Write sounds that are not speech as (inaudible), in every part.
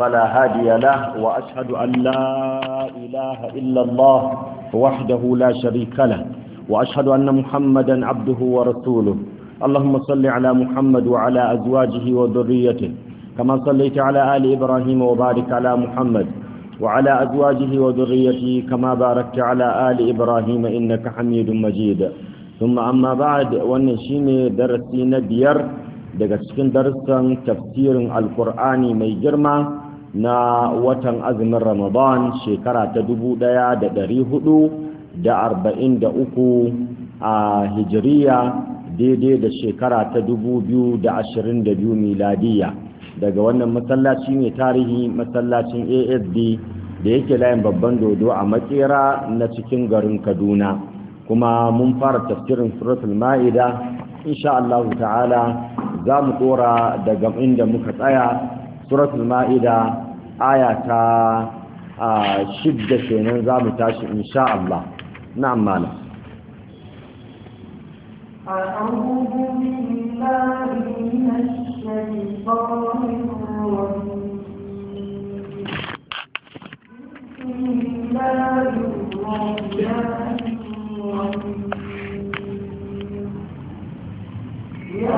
فلا هادي له وأشهد أن لا إله إلا الله وحده لا شريك له وأشهد أن محمدا عبده ورسوله اللهم صل على محمد وعلى أزواجه وذريته كما صليت على آل إبراهيم وبارك على محمد وعلى أزواجه وذريته كما باركت على آل إبراهيم إنك حميد مجيد ثم أما بعد ونشين درسين بير daga cikin darussan tafsirin alkur'ani mai girma na watan azumin ramadan shekara ta dubu ɗaya da da da uku a hijiriya daidai da shekara ta dubu ashirin miladiya daga wannan masallaci ne tarihi masallacin asd da yake layin babban dodo a makera na cikin garin kaduna kuma mun fara tafsirin suratul ma'ida insha Allah ta'ala za mu dora daga inda muka tsaya suratul ma'ida aya ta shidda kenan za mu tashi insha Allah na'am malam يا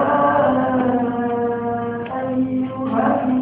أيها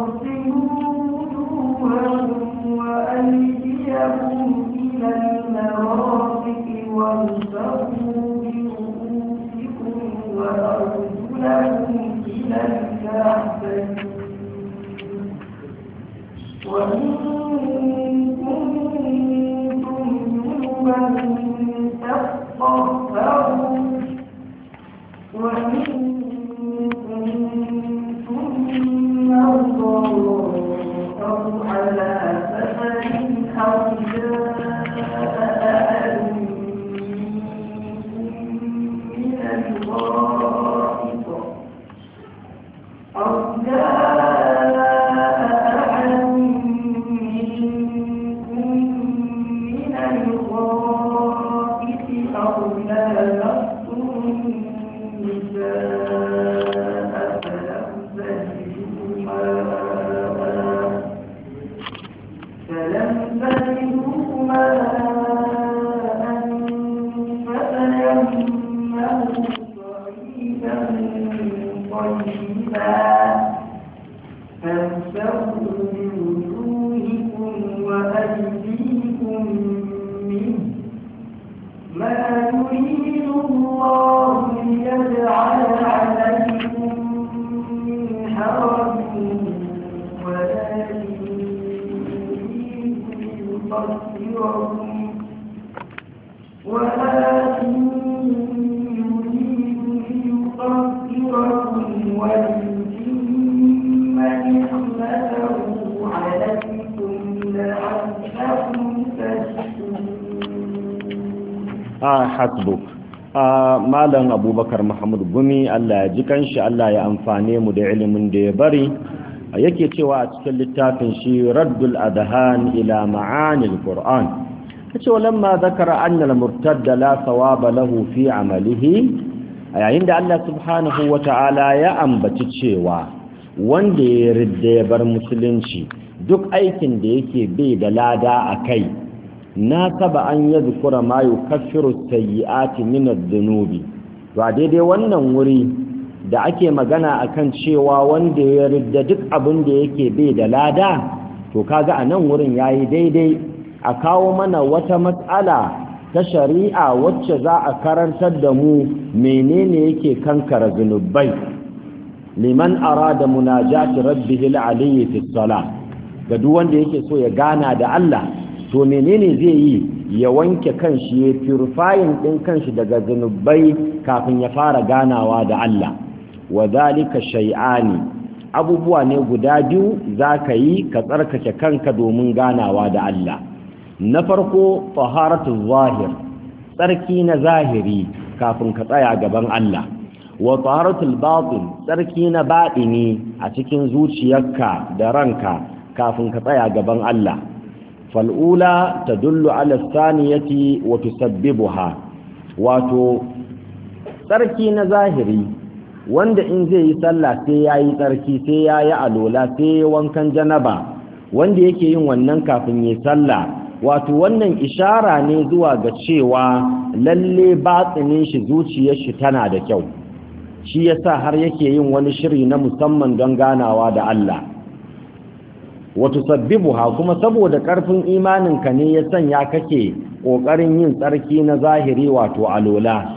a ah, hasbuk a ah, malam abubakar muhammadu gumi allah ya ji kanshi allah ya amfane mu da ilimin da ya bari ah, yake cewa a cikin littafin shi raddul adhan ila ma'anil qur'an kace walamma zakara anna al-murtadda la thawaba lahu fi amalihi yayin da Allah subhanahu wata'ala ya ambaci cewa wanda ya ridda ya bar musulunci duk aikin da yake bai da lada a kai na saba an yi zukura ma yi kafiru sayi'ati minar zunubi ba daidai wannan wuri da ake magana akan cewa wanda ya ridda duk abin da yake bai da lada to kaga a nan wurin ya yi daidai a kawo mana wata matsala ta shari'a wacce za a karantar da mu menene yake kankara zunubai liman arada munajati rabbihi al-aliyyi fi ga duk wanda yake so ya gana da Allah to menene zai yi ya wanke kanshi ya purifying din kanshi daga zunubai kafin ya fara ganawa da Allah wa zalika shay'ani abubuwa ne guda biyu zaka yi ka tsarkake kanka domin ganawa da Allah na farko taharatu zahir tsarki na zahiri kafin ka tsaya gaban Allah wa taharatul batin tsarki na batini a cikin zuciyarka da ranka kafin ka tsaya gaban Allah fal'ula ta dullu alastaniyati wa tusabbibuha wato tsarki na zahiri wanda in zai yi sallah sai ya yi tsarki sai ya yi alola sai ya wankan janaba wanda yake yin wannan kafin yi sallah wato wannan ishara ne zuwa ga cewa lalle batsinin shi zuciyar shi tana da kyau shi yasa har yake yin wani shiri na musamman don ganawa da Allah wata sabbibuha kuma saboda ƙarfin imaninka ne ya sanya kake ƙoƙarin yin tsarki na zahiri wato alola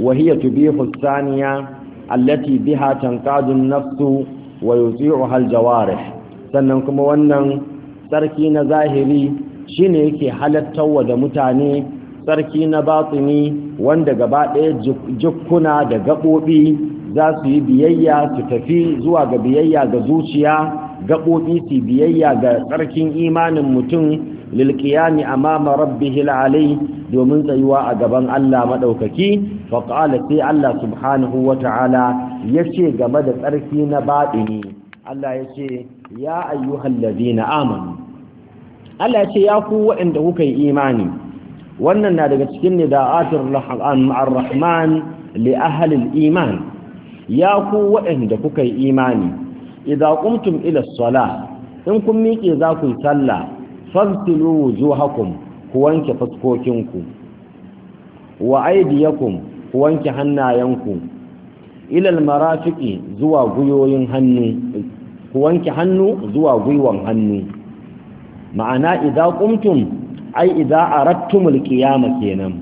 wahiya tubihu saniya allati biha tanqadu an-nafsu wa yuti'uha al sannan kuma wannan tsarki na zahiri shine yake halattawa da mutane tsarki na batini wanda gaba ɗaya jukkuna da gaɓoɓi za su yi biyayya su tafi zuwa ga biyayya ga zuciya gaɓoɓi su biyayya ga tsarkin imanin mutum lilkiyami amama Rabbi hilalai domin tsayuwa a gaban Allah maɗaukaki faƙala sai Allah subhanahu wa ta'ala ya ce game da tsarki na baɗini Allah ya ce ya ayyuhal na amanu Allah ya ce ya ku waɗanda kuka yi imani wannan na daga cikin nida'atul rahman li ahlil iman ya ku waɗanda kuka yi imani idza qumtum ila as-salah in kun miƙe za ku yi sallah fasilu wujuhakum ku wanke fuskokinku wa aydiyakum ku wanke hannayenku ila al-marafiqi zuwa guyoyin hannu ku wanke hannu zuwa guyuwan hannu ma'ana idza qumtum ai idza aradtumul qiyama kenan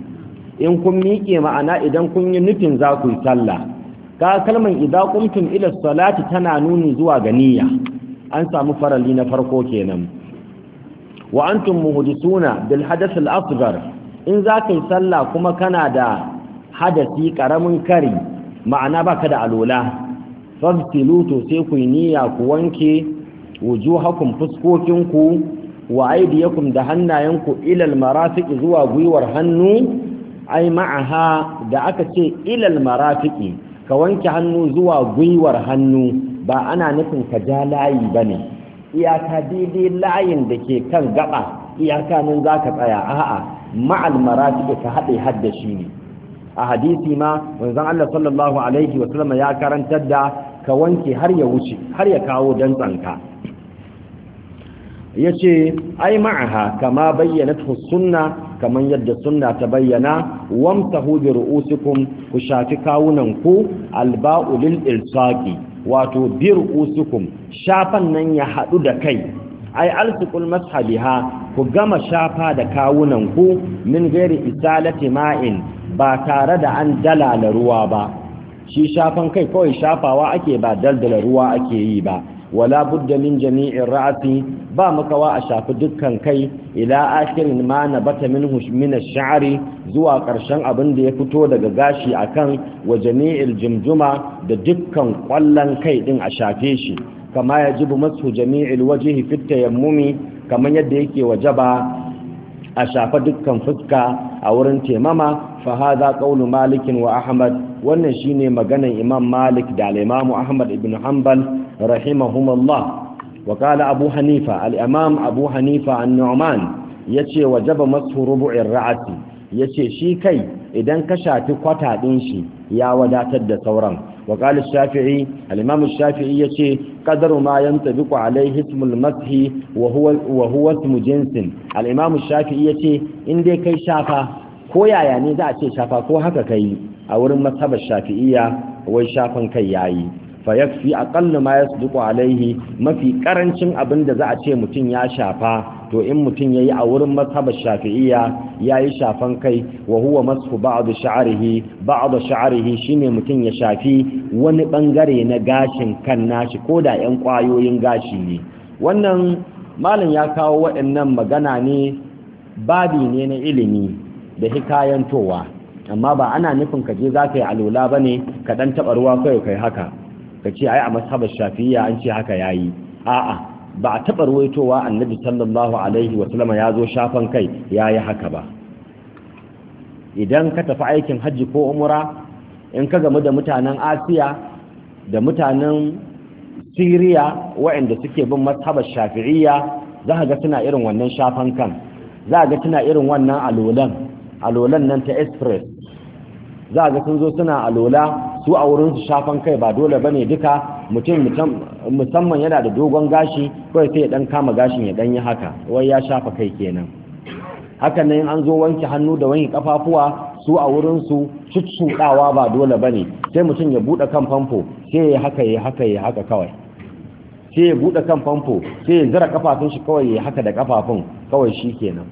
in kun miƙe ma'ana idan kun yi nufin za ku yi sallah ka kalman idza qumtum ila salati tana nuni zuwa ga niyya an samu farali na farko kenan wa antum muhdisuna bil hadath al asghar in za kai sallah kuma kana da hadasi karamin kari ma'ana baka da alola fasilu to sai ku niyya ku wanke wujuhakum fuskokinku wa aydiyakum da hannayenku ilal marafiqi zuwa gwiwar hannu ai ma'aha da aka ce ilal marafiqi ka wanke hannu zuwa gwiwar hannu ba ana nufin ka ja layi ba ne iyaka daidai layin da ke kan gaba iyaka nan za ka tsaya a'a ma'al maratibu ka haɗe hadda shi ne a hadisi ma manzon Allah sallallahu alaihi wa sallam ya karantar da ka wanke har ya wuce har ya kawo dan tsanka yace ai ma'aha kama bayyana sunna kamar yadda sunna ta bayyana wamsahu bi ru'usikum ku shafi kawunan ku alba'u lil ilsaqi wato bi ru'usikum shafan nan ya hadu da kai ai alsiqul mashabiha ku gama shafa da kawunan ku min ghairi isalati ma'in ba tare da an dalala ruwa ba shi shafan kai kawai shafawa ake ba daldala ruwa ake yi ba wala budda min jami'in ra'asi ba makawa a shafi dukkan kai ila akirin ma na bata min sha'ari zuwa ƙarshen abin da ya fito daga gashi akan wa jami'il jumjuma da dukkan ƙwallon kai ɗin a shafe shi kama ya jibu masu jami'il waje fitta yammumi kamar yadda yake wajaba a shafa dukkan fuska a wurin temama fa hadha qawlu malik wa ahmad wannan shine maganan imam malik da al-imam ahmad ibn hanbal rahimahumullah wakala abu hanifa al’imam abu hanifa an norman ya ce wa jaba masu rubu’in ra’asi ya ce shi kai idan ka shafi kwata ɗin shi ya wadatar da sauran wakali shafi’i al’imam shafi’i ya ce ƙadar ma yan tabi ku alai hismul mashi wa huwas mu shafi’i ya ce in dai kai shafa ko yaya ne za a ce shafa ko haka kai a wurin masaba shafi’iya wai shafan kai yayi fa yakfi aqallu ma yasduqu alaihi mafi karancin abin da za a ce mutum ya shafa to in mutum yayi a wurin mazhab shafi'iyya yayi shafan kai wa huwa masfu ba'd sha'rihi ba'd sha'rihi shine mutum ya shafi wani bangare na gashin kan nashi koda yan kwayoyin gashi ne wannan malam ya kawo waɗannan magana ne babi ne na ilimi da hikayantowa amma ba ana nufin ka je za ka yi alola ba ne ka ɗan taɓa ruwa kawai kai haka ka ce ai a mashabar shafiya an ce haka ya yi. a'a ba a taɓa ruwaitowa annabi sallallahu alaihi wa wasallama ya zo shafan kai ya yi haka ba idan ka tafi aikin hajji ko umura in ka gamu da mutanen asiya da mutanen siriya waɗanda suke bin mashabar shafi'iyya za a ga suna irin wannan shafan kan za ga suna irin wannan alolan alolan nan ta express za ga sun zo suna alola su a wurin su shafan kai ba dole bane duka mutum musamman yana da dogon gashi kawai sai ya dan kama gashin ya dan yi haka wai ya shafa kai kenan na ne an zo wanke hannu da wanke kafafuwa su a wurin su cuccudawa ba dole bane sai mutum ya bude kan famfo sai ya haka ya haka ya haka kawai sai ya bude kan famfo sai ya zira kafafun shi kawai ya haka da kafafun kawai shikenan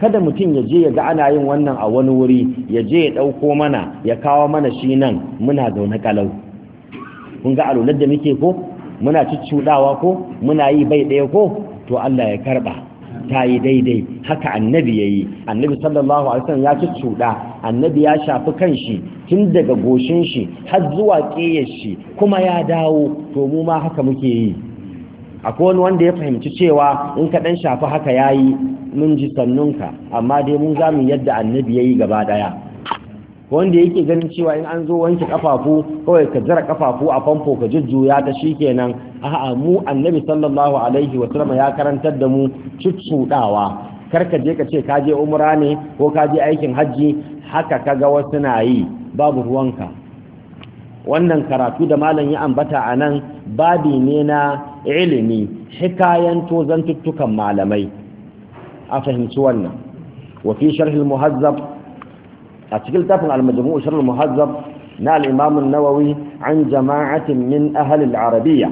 kada mutum ya je ya ga ana yin wannan a wani wuri ya je ya ɗauko mana ya kawo mana shi nan muna zaune kalau kun ga alulad da muke ko muna cuccuɗawa ko muna yi bai ɗaya ko to Allah ya karɓa ta yi daidai haka annabi ya yi annabi sallallahu alaihi wasallam ya cuccuɗa annabi ya shafi kanshi tun daga goshin shi har zuwa ƙeyar shi kuma ya dawo to mu ma haka muke yi akwai wani wanda ya fahimci cewa in ka dan shafi haka yayi mun ji sannunka amma dai mun za mu yadda annabi yayi gaba daya wanda yake ganin cewa in an zo wanke kafafu kawai ka jira kafafu a famfo ka jujjuya ta shikenan a'a mu annabi sallallahu alaihi wa sallam ya karantar da mu cuccudawa kar ka je ka ce ka je umra ne ko ka je aikin hajji haka ka ga wasu na yi babu ruwanka wannan karatu da malam ya ambata anan babi ne na ilimi hikayanto tozantuttukan malamai a fahimci wannan wa fi muhazzab a cikin tafin al-majmu' muhazzab na al nawawi an jama'atin min ahli al-arabiyya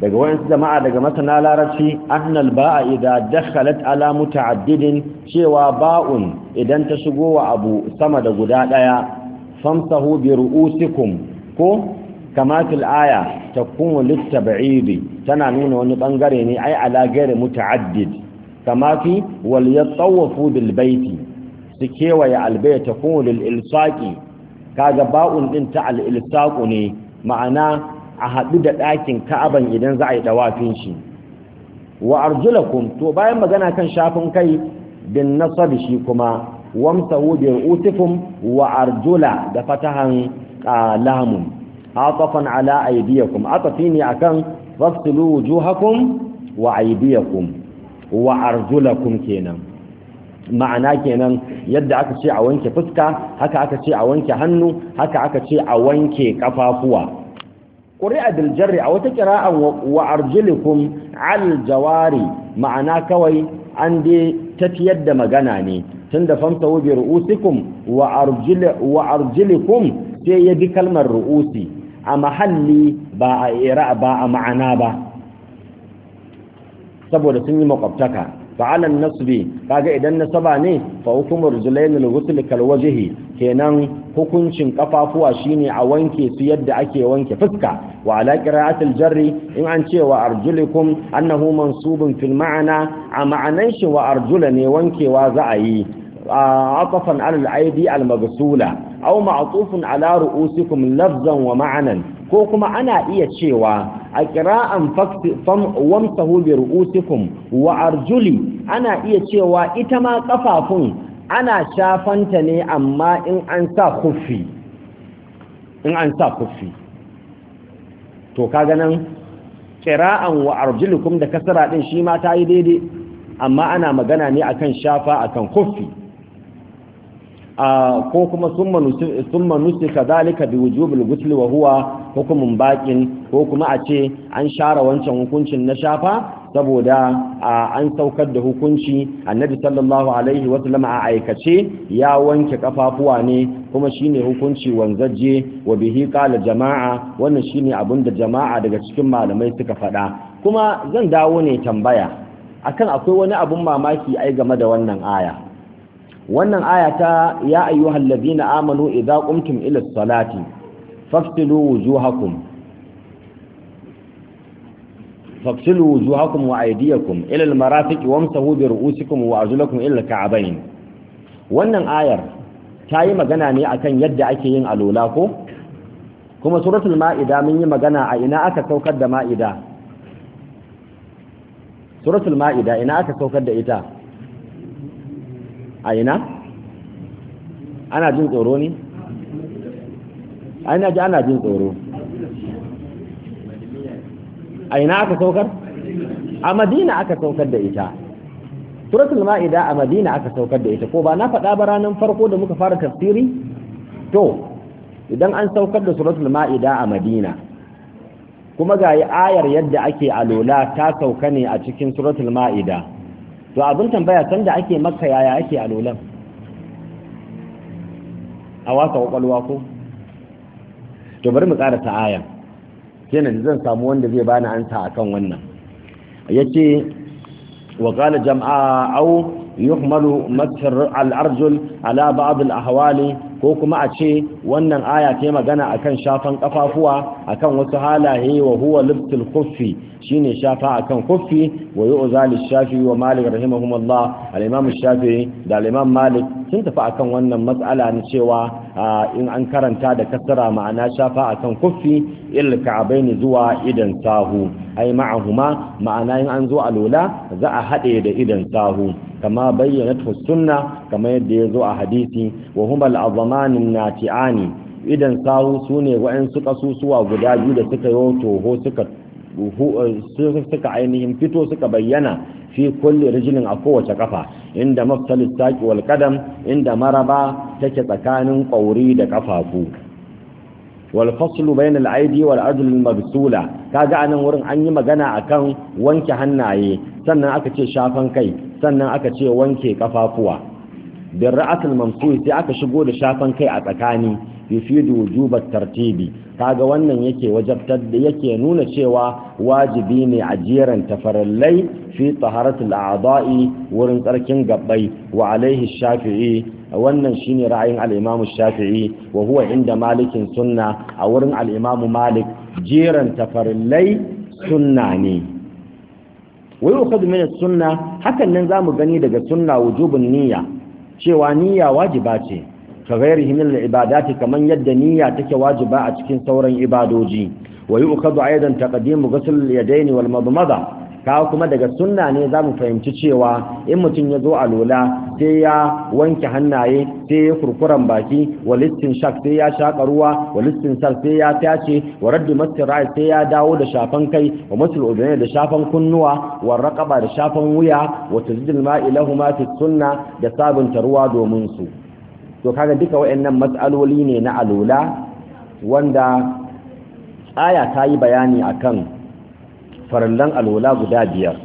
daga wayansu jama'a daga masana larabci annal ba'a idan dakhalat ala muta'addidin cewa ba'un idan ta shigo wa abu sama da guda daya famsahu bi ru'usikum ko kamatul aya takunu littab'idi tana nuna wani bangare ne ai ala gairi muta'addid kama fi wal yatawafu bil baiti su kewaye albaya takunu lil ilsaqi kaga ba'un ɗin ta al ilsaƙu ne ma'ana a haɗu da ɗakin ka'aban idan za a yi ɗawafin shi wa arjulakum to bayan magana kan shafin kai bin nasabi shi kuma wamsahu bi utikum wa arjula da fatahan ah, lamun atafan ala aydiyakum atafi ne akan fasulu wujuhakum wa aydiyakum wa arjulakum kenan ma'ana kenan yadda aka ce a wanke fuska haka aka ce a wanke hannu haka aka ce a wanke kafafuwa qur'a bil a wata kira'a wa arjulukum al ma'ana kawai an dai tafiyar da magana ne tunda famta wubi ru'usikum wa arjulukum sai ya bi kalmar ru'usi a mahalli ba a ira ba a ma'ana ba saboda sun yi makwabtaka fa'alan nasbi kaga idan nasaba ne fa hukumar zulainul ghusl kal wajhi kenan hukuncin kafafuwa shine a wanke su yadda ake wanke fuska wa ala qira'atil jarri in an ce wa arjulikum annahu mansubun fil ma'ana a ma'anan shi wa arjula ne wankewa za a yi atafan ala al aidi al maghsula aw ma'tufun ala ru'usikum lafzan wa ma'anan ko kuma ana iya cewa a qira'an wamsahu bi ru'usikum wa arjuli ana iya cewa ita ma kafafun ana shafanta ne amma in an sa kuffi in an sa kuffi to kaga nan qira'an wa arjulikum da kasra din shi ma ta daidai amma ana magana ne akan shafa akan kuffi ko kuma sun manusi ka zalika bi wujubul Wahuwa, wa huwa hukumin bakin ko kuma a ce an share wancan hukuncin na shafa saboda an saukar da hukunci annabi sallallahu alaihi wasallam a aikace ya wanke kafafuwa ne kuma shine hukunci wanzaje wa bihi qala jama'a wannan shine abin da jama'a daga cikin malamai suka faɗa kuma zan dawo ne tambaya akan akwai wani abun mamaki ai game da wannan aya wannan aya ta ya ayyuhal ladina amanu idza qumtum ila salati fafsilu wujuhakum fafsilu wujuhakum wa aydiyakum ila almarafiq wamsahu bi ru'usikum wa arjulakum ila alka'bayn wannan ayar ta yi magana ne akan yadda ake yin alola ko kuma suratul ma'ida mun yi magana a ina aka saukar da ma'ida suratul ma'ida ina aka saukar da ita a ina ana jin tsoro ne ina ji ana jin tsoro a ina aka saukar a madina aka saukar da ita suratul ma'ida a madina aka saukar da ita ko ba na faɗa ba ranar farko da muka fara tafsiri to idan an saukar da suratul ma'ida a madina kuma ga ayar yadda ake alola ta sauka ne a cikin suratul ma'ida to abin tambaya sanda ake maka yaya ake alolan a wasa kwakwalwa ko to bari mu ƙara ta'aya kenan zan samu wanda zai bani ansa akan wannan yace wa qala au, aw yuhmalu matar al-arjul ala ba'd al-ahwali ko kuma a ce wannan aya ta magana akan shafan kafafuwa akan wasu halaye wa huwa lubtul khuffi shine shafa akan khuffi wa yu'zal shafi wa malik rahimahumullah al-imam shafi da al-imam malik sun tafi akan wannan matsala na cewa in an karanta da kasara ma'ana shafa akan kuffi il ka'abaini zuwa idan sahu ai ma'ahuma ma'ana in an zo alola za a haɗe da idan sahu kama bayyana sunna kama yadda ya zo a hadisi wa huma azamanin nati'ani idan sahu sune wa'ansu kasusuwa guda biyu da suka yi toho suka eh, suka ainihin fito suka bayyana fi kulle rijlin a kowace kafa inda mafsalis saki wal inda maraba take tsakanin ƙauri da ƙafafu wal faslu na al aidi wal adl al mabsula kaga anan wurin an yi magana akan wanke hannaye sannan aka ce shafan kai sannan aka ce wanke ƙafafuwa. Bin ra'atul mamsuhi sai aka shigo da shafan kai a tsakani yufidu wujubat tartibi kaga wannan yake wajabtar da yake nuna cewa wajibi ne a jeran tafarallai fi taharatul aza'i, wurin tsarkin gabbai wa alaihi shafi'i wannan shine ra'ayin al-imam shafi'i wa huwa inda malikin sunna a wurin al-imam malik jeran tafarallai sunna ne wai ukhadhu min as-sunna hakan nan zamu gani daga sunna wujubun niyya cewa niyya wajiba ce ka gairi himin ibadati kamar yadda niyya take wajiba a cikin sauran ibadoji wa yi ukadu aidan taqdimu ghusl ya wal madmada kawo kuma daga sunna ne za mu fahimci cewa in mutum ya zo a lola sai ya wanke hannaye sai ya kurkuran baki walistin shak sai ya shaka ruwa walistin sal sai ya tace wa raddu mastirai sai ya dawo da shafan kai wa masul udunai da shafan kunnuwa wa raqaba da shafan wuya wa tajdil ma'i lahumu fi sunna da sabunta ruwa domin su to kaga duka wayannan mas'aloli ne na alula wanda aya ta yi bayani akan farallan alula guda biyar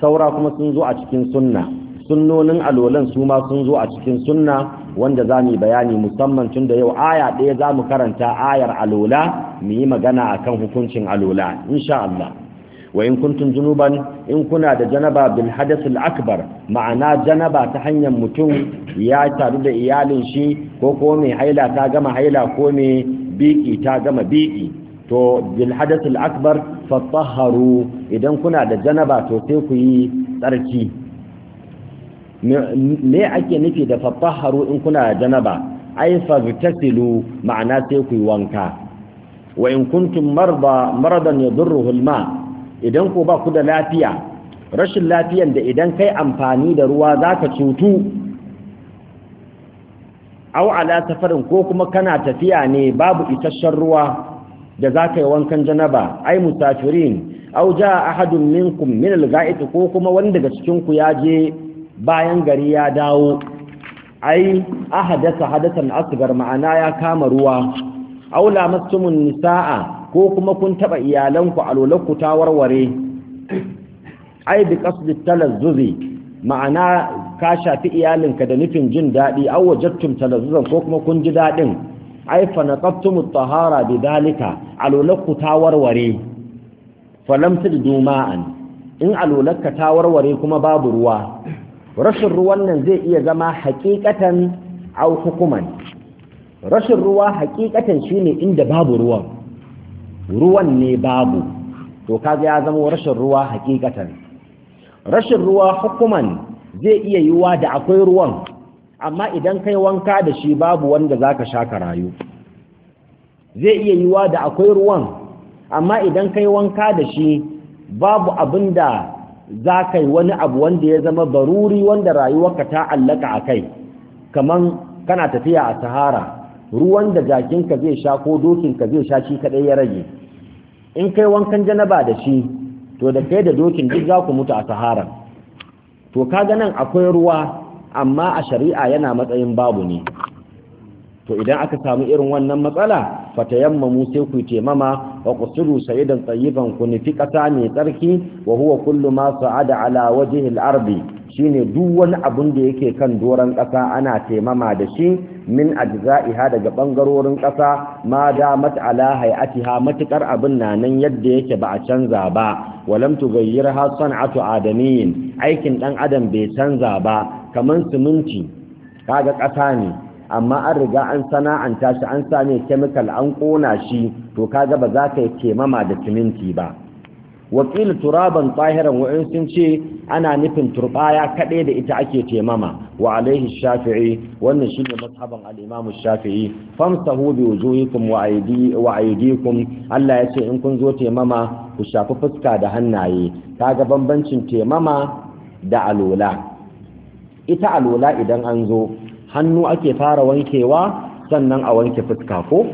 saura kuma sun zo a cikin sunna sunnonin alwalan su ma sun zo a cikin sunna wanda za mu bayani musamman tun da yau aya ɗaya za mu karanta ayar alola mu yi magana a kan hukuncin alola insha Allah wa in kuntum junuban in kuna da janaba bil akbar ma'ana janaba ta hanyar mutum ya taru da iyalin shi ko ko mai haila ta gama haila ko mai biki ta gama biki to bil hadathil akbar fatahharu idan kuna da janaba to sai ku yi tsarki me ake nufi da fattaharu in kuna janaba ai fagtasilu ma'ana sai ku wanka wa in kuntum marda maradan yadurruhu alma idan ku ba ku da lafiya rashin lafiyan da idan kai amfani da ruwa zaka cutu aw ala safarin ko kuma kana tafiya ne babu isasshen ruwa da zaka yi wankan janaba ai musafirin aw jaa ahadun minkum min al ko kuma wanda daga cikin ku ya je bayan gari ya dawo ai hadasa hadasan asgar ma'ana ya kama ruwa aula mastumun nisaa ko kuma kun taba iyalanku alolanku ta warware ai bi qasdi talazzuzi ma'ana ka shafi iyalinka da nufin jin dadi aw wajadtum talazzuzan ko kuma kun ji dadin ai fa at tahara bidalika alolanku ta warware falam tudu ma'an in alolanka ta warware kuma babu ruwa rashin ruwan nan zai iya zama haƙiƙatan au hukuman rashin ruwa haƙiƙatan shine inda babu ruwan ruwan ne babu to kaga ya zama rashin ruwa haƙiƙatan rashin ruwa hukuman zai iya yiwa da akwai ruwan amma idan kai wanka da shi babu wanda zaka sha ka rayu zai iya yiwa da akwai ruwan amma idan kai wanka da shi babu abinda za ka yi wani abu wanda ya zama baruri wanda rayuwarka ta allaka a kai kaman kana tafiya a sahara ruwan da jakin ka zai sha ko dokinka zai sha shi kadai ya rage in kai wankan janaba da shi to da kai da dokin duk za ku mutu a sahara to kaga nan akwai ruwa amma a shari'a yana matsayin babu ne to idan aka samu irin wannan matsala fatayammamu sai ku taimama wa qusiru sayidan tayyiban ku nufi kasa mai tsarki wa huwa kullu ma sa'ada ala wajhi al-ardi shine duk wani abun da yake kan doran kasa ana taimama da shi min ajza'iha daga bangarorin kasa ma damat ala hay'atiha matukar abin na nan yadda yake ba a canza ba walam tughayyirha san'atu adamin aikin dan adam bai canza ba kaman siminti kaga kasa ne amma an riga an sana'anta shi an sa chemical an kona shi to kaga ba za ka yi kemama da siminti ba wakil turaban tsahiran wa'in sun ce ana nufin turbaya kaɗai da ita ake temama wa alaihi shafi'i wannan shine mazhaban alimamu shafi'i famsahu bi wujuhikum wa aydi wa aydikum Allah ya ce in kun zo temama ku shafi fuska da hannaye kaga bambancin temama da alola ita alola idan an zo hannu ake fara wankewa sannan a wanke fuska ko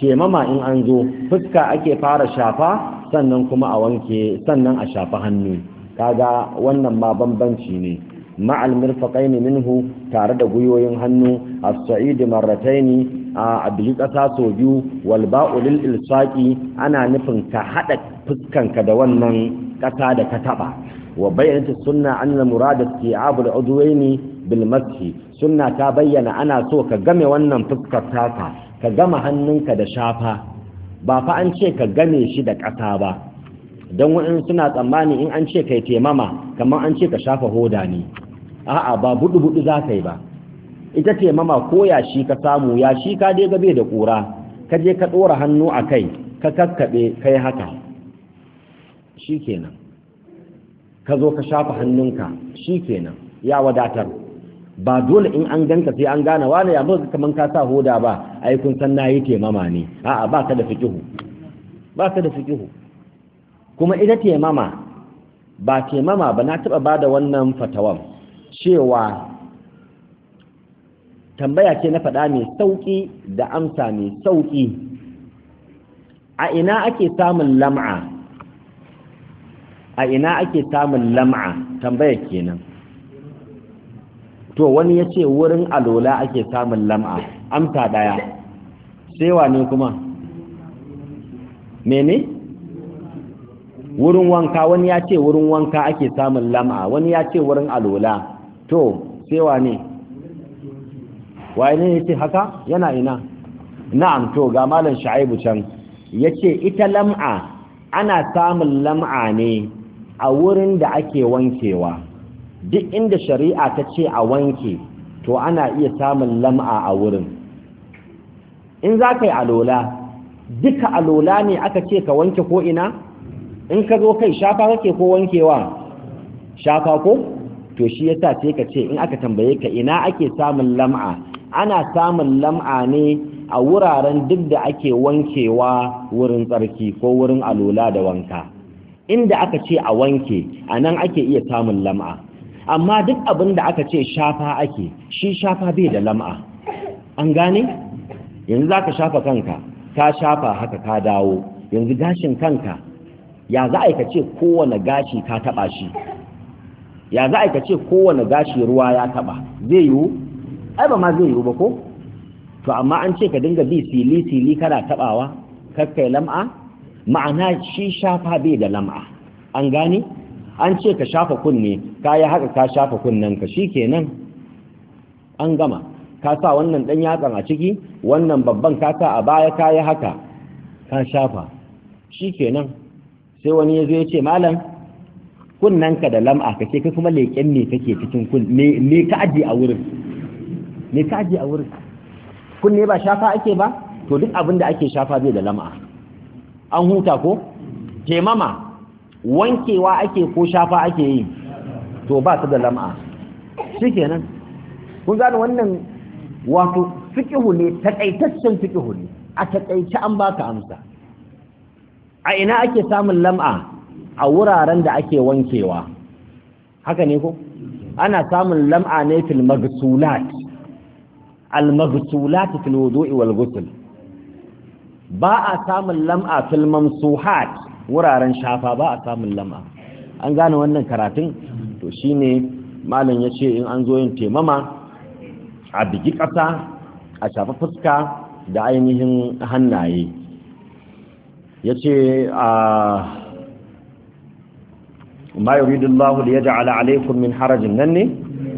kemama in an zo fuska ake fara shafa sannan kuma a wanke sannan a shafa hannu kaga wannan ma bambanci ne ma'al mirfaqain minhu tare da guyoyin hannu as-sa'id marrataini a abli qasa so biyu wal ba'u lil ilsaqi ana nufin ka hada fuskanka da wannan kasa da ka taba wa bayyana sunna anna murada ti'abul udwaini bilmaski sunna ta bayyana ana so ka game wannan fuskar taka ka gama hannunka da shafa ba fa an ce ka game shi da ƙasa ba don wa'in suna tsammani in an ce kai taimama kamar an ce ka shafa hoda ne a'a ba buɗu buɗu za ka yi ba ita taimama ko ya shi ka samu ya shi ka dai gabe da ƙura ka je ka ɗora hannu a kai ka kakkaɓe kai haka shi kenan ka zo ka shafa hannunka shi kenan ya wadatar ba dole in an ganka sai an gane wani ya muka kaman ka sa hoda ba ai kun san nayi temama ne a'a ba ka da fiqihu ba ka da fiqihu kuma ita temama ba temama ba na taba bada wannan fatawan cewa tambaya ce na faɗa mai sauƙi da amsa mai sauƙi a ina ake samun lam'a a ina ake samun lam'a tambaya kenan to wani ya ce wurin alola ake samun lam'a amsa ɗaya sai wane kuma mene wurin wanka wani ya ce wurin wanka ake samun lam'a wani ya ce wurin alola to sai wane wane ya ce haka yana ina na'am to ga malam sha'ibu can ya ce ita lam'a ana samun lam'a ne a wurin da ake wankewa duk inda shari'a ta ce a wanke to ana iya samun lam'a a wurin in za ka yi alola duka alola ne aka ce ka wanke ko ina in ka zo kai shafa kake ko wankewa shafa ko to shi yasa sai ka ce in aka tambaye ka ina ake samun lam'a ana samun lam'a ne a wuraren duk da ake wankewa wurin tsarki ko wurin alola da wanka inda aka ce a wanke a nan ake iya samun lam'a amma duk abin da aka ce shafa ake shi shafa bai da lam'a an gane yanzu za ka shafa kanka ka shafa haka ka dawo yanzu gashin kanka ya za a ce kowane gashi ka taba shi ya za a ce kowane gashi ruwa ya taba zai yiwu ai ba ma zai yiwu ba ko to amma an ce ka dinga bi sili sili kana tabawa kakkai lam'a ma'ana shi shafa bai da lam'a an gane an ce ka shafa kunne ka yi haka ka shafa kunnen ka shikenan an gama ka sa wannan dan yatsan a ciki wannan babban ka sa a baya ka yi haka ka shafa shikenan sai wani ya zo ya ce malam kunnanka da lam'a ce ka kuma leƙen ne kake cikin kun me ka aje a wurin me ka aje a wurin kunne ba shafa ake ba to duk abin da ake shafa bai da lam'a an huta ko mama wankewa ake ko shafa ake yi to ba da lam'a shikenan kun gane wannan wato fiqhu ne takaitaccen fiqhu ne a takaice an baka amsa a ina ake samun lam'a a wuraren da ake wankewa haka ne ko ana samun lam'a ne fil maghsulat al maghsulat fil wudu'i wal ghusl ba a samun lam'a fil mamsuhat wuraren shafa ba a samun lama an gane wannan karatun to shi ne, malam ya ce in an zo yin temama a bigi ƙasa a shafa fuska da ainihin hannaye ya ce a ma yuridullahu da ya ja'ala alaikun min harajin nan ne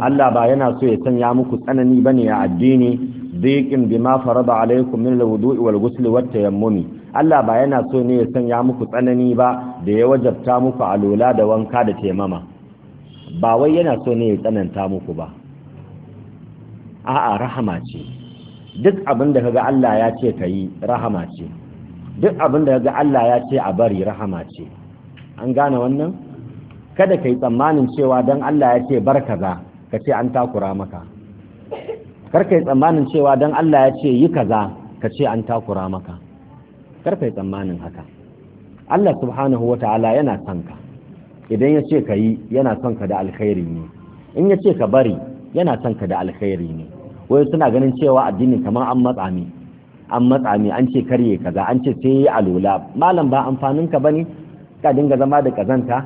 Allah ba yana so ya sanya muku tsanani ba ne a addini dhiqin bima farada alaikun min alwudu'i iwal gusli wata yammuni Allah ba yana so ne ya sanya muku tsanani ba da ya wajabta muku alola da wanka da taimama ba wai yana so ne ya tsananta muku ba a'a rahama ce duk abin da kaga Allah ya ce ka yi rahama ce duk abin da kaga Allah ya ce a bari rahama ce an gane wannan kada ka yi tsammanin cewa don Allah ya ce bar kaza ka ce an takura maka kar ka yi tsammanin cewa don Allah ya ce yi kaza ka ce an takura maka karfe yi tsammanin haka Allah subhanahu wa ta'ala yana son ka idan ya ce ka yi yana son ka da alkhairi ne in ya ce ka bari yana son ka da alkhairi ne wai suna ganin cewa addini kamar an matsa ne an matsa ne an ce karye kaza an ce sai alola malam ba amfanin ka bane ka dinga zama da kazanta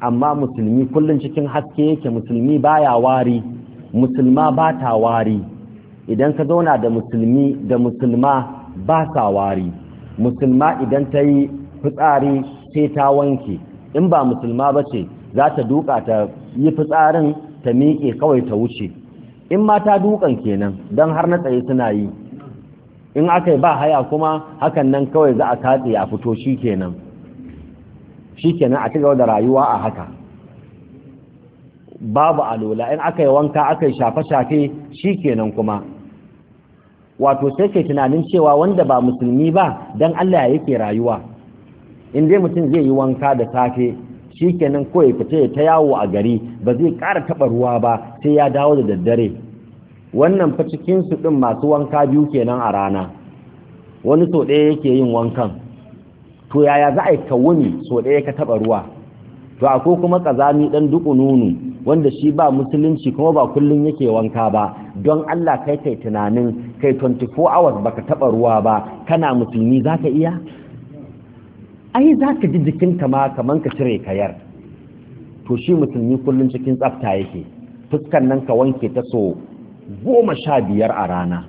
amma musulmi kullun cikin haske yake musulmi baya wari musulma ba ta wari idan ka zauna da musulmi da musulma ba sa wari musulma idan ta yi fitsari sai ta wanke in ba musulma ba ce za ta duka ta yi fitsarin ta miƙe kawai ta wuce in ma ta dukan kenan don har na tsaye suna yi in aka yi ba haya kuma hakan nan kawai za a katse a fito shi kenan shi kenan a cigaba da rayuwa a haka babu alola in aka yi wanka aka yi shafe-shafe shi kenan kuma wato sai kai tunanin cewa wanda ba musulmi ba dan Allah ya yake rayuwa in dai mutum zai yi wanka da safe shikenan ko ya fita ya ta yawo a gari ba zai ƙara taɓa ruwa ba sai ya dawo da daddare wannan fa cikin su din masu wanka biyu kenan a rana wani so ɗaya yake yin wankan to yaya za a yi ka wuni so ɗaya ka taɓa ruwa to akwai kuma ƙazami ɗan dukununu nunu wanda shi ba musulunci kuma ba kullum yake wanka ba don Allah kai kai tunanin kai 24 hours baka taba ruwa ba kana musulmi zaka iya ai zaka ji jikin ma kaman ka cire kayar to shi musulmi kullum cikin tsafta yake fuskan nan ka wanke ta so goma sha biyar a rana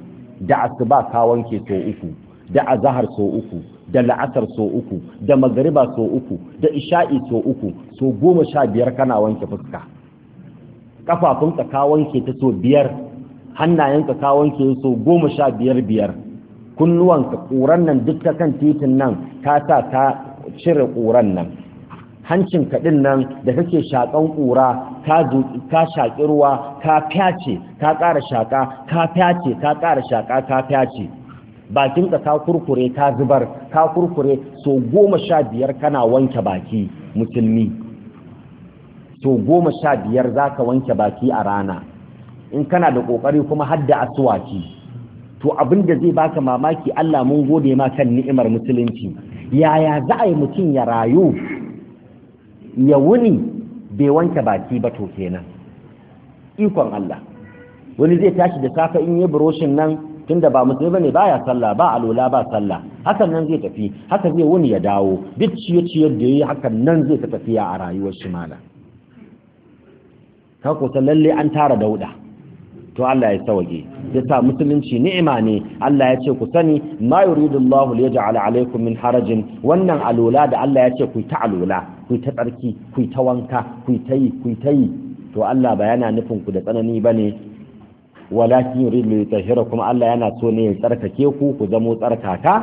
da asuba ka wanke so uku da azahar so uku da la'asar so uku da magariba so uku da isha'i so uku so goma sha biyar kana wanke fuska kafafunka ka wanke ta so biyar hannayenka ka wanke so goma sha biyar biyar kunnuwanka ƙuran nan duk ta kan titin nan ka sa ta cire ƙuran nan hancin kaɗin nan da kake shaƙan ƙura ka shaƙi ruwa ka fyace ka ƙara shaƙa ka fyace ka ƙara shaƙa ka fyace bakinka ka kurkure ka zubar ka kurkure so goma sha biyar kana wanke baki musulmi to goma sha biyar za ka wanke baki a rana in kana da ƙoƙari kuma hadda asuwaki to abin da zai baka mamaki Allah mun gode ma kan ni'imar musulunci yaya za a yi mutum ya rayu ya wuni bai wanke baki ba to kenan ikon Allah wani zai tashi da safe in yi buroshin nan tunda ba musulmi bane baya sallah ba alola ba sallah hakan nan zai tafi haka zai wuni ya dawo duk ciye ciyen da yayi hakan nan zai ta tafiya a rayuwar shi malam ka kusa lalle an tara dauda to Allah ya Ya yasa musulunci ni'ima ne Allah ya ce ku sani ma yuridullahu liyaj'ala alaykum min harajin wannan alula da Allah ya ce ku ta alula ku ta tsarki ku ta wanka ku ta yi ku ta yi to Allah ba yana nufin ku da tsanani bane walakin yuridu yutahhirakum Allah yana so ne ya tsarkake ku ku zamo tsarkaka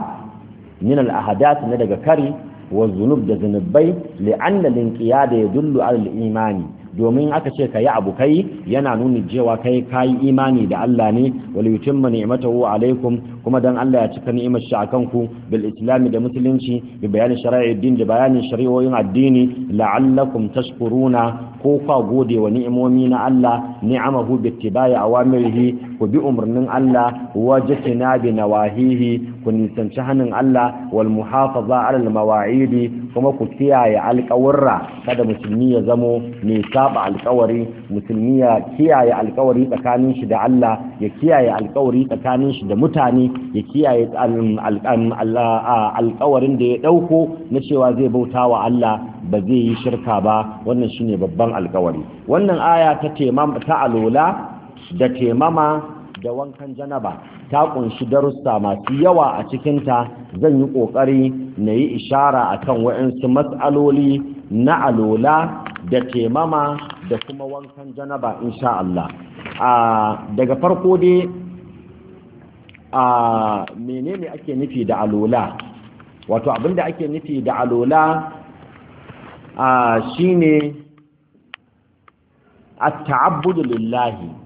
min al-ahadat na daga kari wa zunub da zunubai li'anna linqiyada yadullu ala al-imani domin aka ce ka yi abu kai yana nuni cewa kai ka yi imani da Allah ne wal yutimma ni'matahu alaikum kuma dan Allah ya cika ni'imar shi akan ku bil islami da musulunci bi bayanin shari'ar din da bayanin shari'o'in addini la'allakum tashkuruna ko ka gode wa ni'imomi na Allah ni'amahu bi ittiba'i awamirihi ku bi umarnin Allah wajtina bi nawahihi ku nisanci hannun Allah wal muhafaza ala mawa'idi kuma ku kiyaye alƙawarra kada musulmi ya zamo mai saba alƙawari musulmi ya kiyaye alƙawari tsakanin shi da Allah ya kiyaye alƙawari tsakanin shi da mutane ya kiyaye um, um, alƙawarin da ya ɗauko na cewa zai bauta wa Allah ba zai yi shirka ba wannan shine babban alƙawari wannan aya ta ta alola da temama da wankan janaba ta kunshi darussa masu yawa a cikinta zan yi ƙoƙari na yi ishara a kan waɗansu matsaloli na alola da taimama da kuma wankan janaba insha Allah daga farko dai a menene ake nufi da alola wato abinda ake nufi da alola shi shine a taabbudu lillahi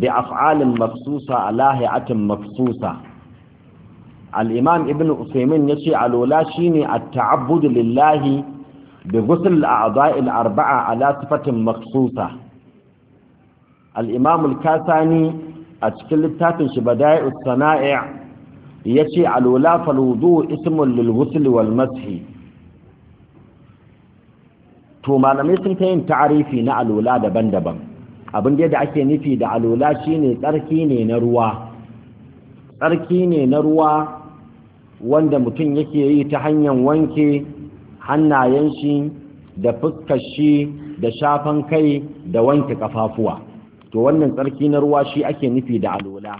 bi af'alin mafsusa ala hay'atin mafsusa al-imam ibn usaymin yace alola shine at-ta'abbud lillahi bi ghusl al-a'dha'i al-arba'a ala sifatin mafsusa al-imam al a cikin littafin shi bada'i'us sana'i' yace alola fal wudu ismun lil to malamai sun ta yin ta'arifi na alola daban-daban abin da ake nufi da alola shine tsarki ne na ruwa tsarki ne na ruwa wanda mutum yake yi ta hanyar wanke hannayen shi da fuskar shi da shafan kai da wanke kafafuwa to wannan tsarki na ruwa shi ake nufi da alola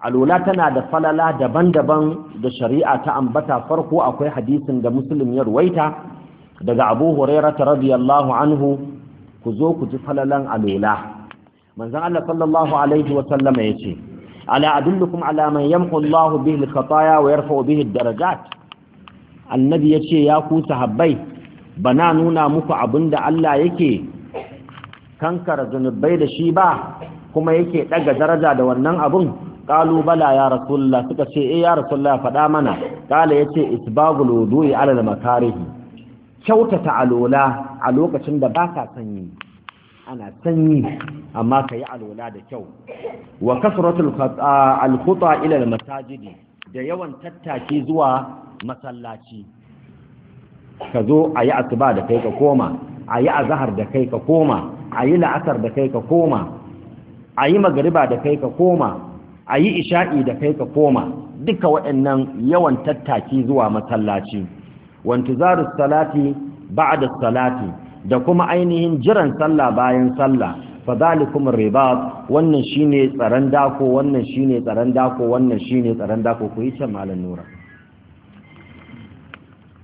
alola tana da falala daban-daban da shari'a ta ambata farko akwai hadisin da muslim ya ruwaita daga abu hurairata radiyallahu anhu ku zo ku ji falalan alola manzon Allah sallallahu alaihi wa sallama yace ala adullukum ala man yamhu Allah bihi al-khataya wa yarfa'u bihi ad-darajat annabi yace ya ku sahabbai bana nuna muku abinda Allah yake kankara zunubai da shi ba kuma yake daga daraja da wannan abun qalu bala ya rasulullah suka ce eh ya rasulullah faɗa mana qala yace isbagul wudu'i ala al-makarihi kyautata alola a lokacin da baka sanyi ana sanyi amma ka yi alwala da kyau wa kasratul alkhuta ila almasajidi da yawan tattaki zuwa masallaci ka zo a yi asuba da kai ka koma a yi azahar da kai ka koma a yi la'asar da kai ka koma a yi magariba da kai ka koma a yi isha'i da kai ka koma duka waɗannan yawan tattaki zuwa masallaci wanti zaru salati ba'da salati da kuma ainihin jiran sallah bayan sallah fadhalikum ribat wannan shine tsaron dako wannan shine tsaron dako wannan shine tsaron dako ku yi ce malan nura